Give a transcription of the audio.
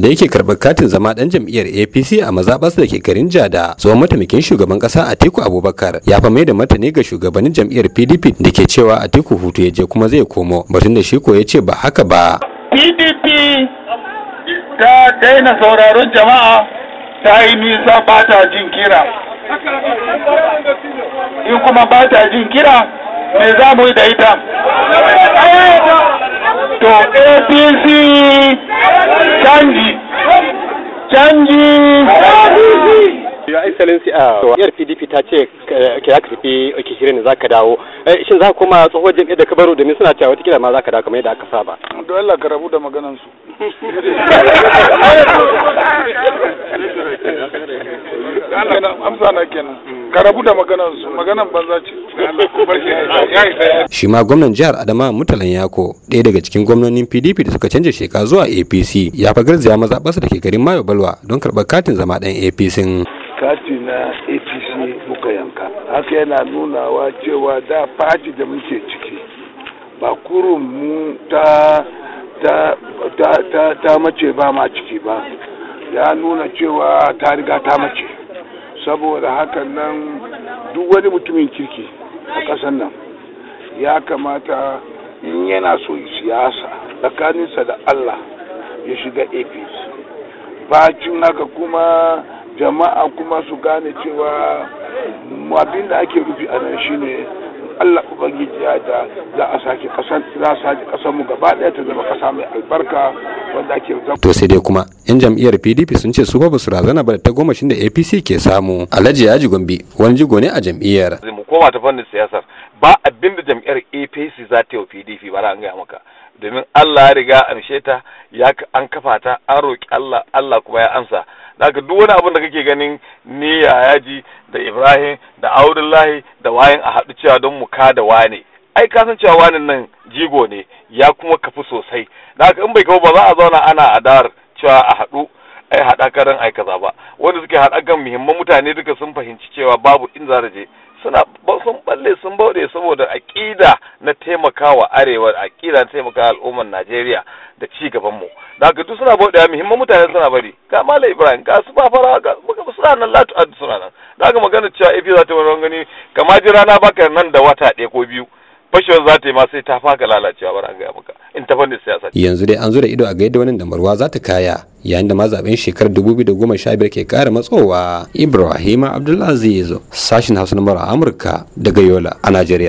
da yake karɓar katin zama ɗan jam'iyyar apc a mazaɓarsa da ke garin jada tsohon mataimakin shugaban ƙasa atiku abubakar ya fa mai da martani ga shugabannin jam'iyyar pdp da ke cewa atiku hutu ya je kuma zai komo batun da shi ko ya ce ba haka ba pdp ta daina sauraron jama'a ta yi nisa ba ta jin kira in kuma ba ta jin kira me za mu yi da ita to apc canji 将军。excellency ah, a yar pdp ta ce ke zaka tafi ake shirin za ka dawo eh, shin za koma tsohuwar jam'iyyar da ka baro domin suna cewa wata ma za ka dawo kamar yadda aka saba don Allah ka rabu da maganan su amsa na kenan ka rabu da maganan su maganan banza ce shi ma gwamnan jihar adama mutalan yako ɗaya daga cikin gwamnonin pdp da suka canja sheka zuwa apc ya fa garzaya mazaɓarsa da ke garin mayo balwa don karɓar katin zama ɗan apc kati na apc muka yanka haka yana nunawa cewa da fati da muke ciki ba kurun mu ta ta ta ta, ta mace ba ma ciki ba ya nuna cewa ta riga ta mace saboda hakan nan duk wani mutumin kirki a ƙasar nan ya kamata in yana so siyasa tsakaninsa da allah ya shiga apc bacin haka kuma jama'a kuma su gane cewa abin da ake rufi a nan shine Allah Ubangiji ya da za a sake kasan za a sake kasan mu gaba daya ta zama kasa mai albarka wanda ake to sai dai kuma yan jam'iyyar PDP sun ce su ba su razana ba ta gomashin da APC ke samu Alhaji Yaji Gombe wani jigo ne a jam'iyyar mu koma ta fannin siyasar ba abin da jam'iyyar APC za ta yi PDP ba an gaya maka domin Allah ya riga amshe ta ya an kafa ta an roki Allah Allah kuma ya amsa haka duk wani abin da kake ganin ni ya yaji da ibrahim da audullahi da wayan a haɗu cewa don mu ka da wane ai ka san cewa wani nan jigo ne ya kuma kafi sosai da haka in bai kawo ba za a zauna ana adar cewa a haɗu ai haɗaka don ai kaza ba wanda suke kan muhimman mutane duka sun fahimci cewa babu in za je suna sun balle sun bauɗe saboda aƙida na taimakawa arewa aƙida na taimakawa al'ummar Najeriya da ci gaban mu da haka duk suna bauɗe muhimman mutane suna bari ga Mala Ibrahim ga su fara ga suna nan latu ad suna nan da haka magana cewa ifi za ta wani gani kama ji rana baka nan da wata ɗaya ko biyu fashewar za ta yi ma sai ta faka lalacewa bara an gaya maka in ta fannin siyasa yanzu dai an zo ido a ga yadda wannan Marwa za ta kaya yayin da mazaɓen shekarar 2015 ke ƙara matsowa ibrahima abdulaziz sashin hausa na amurka daga yola a najeriya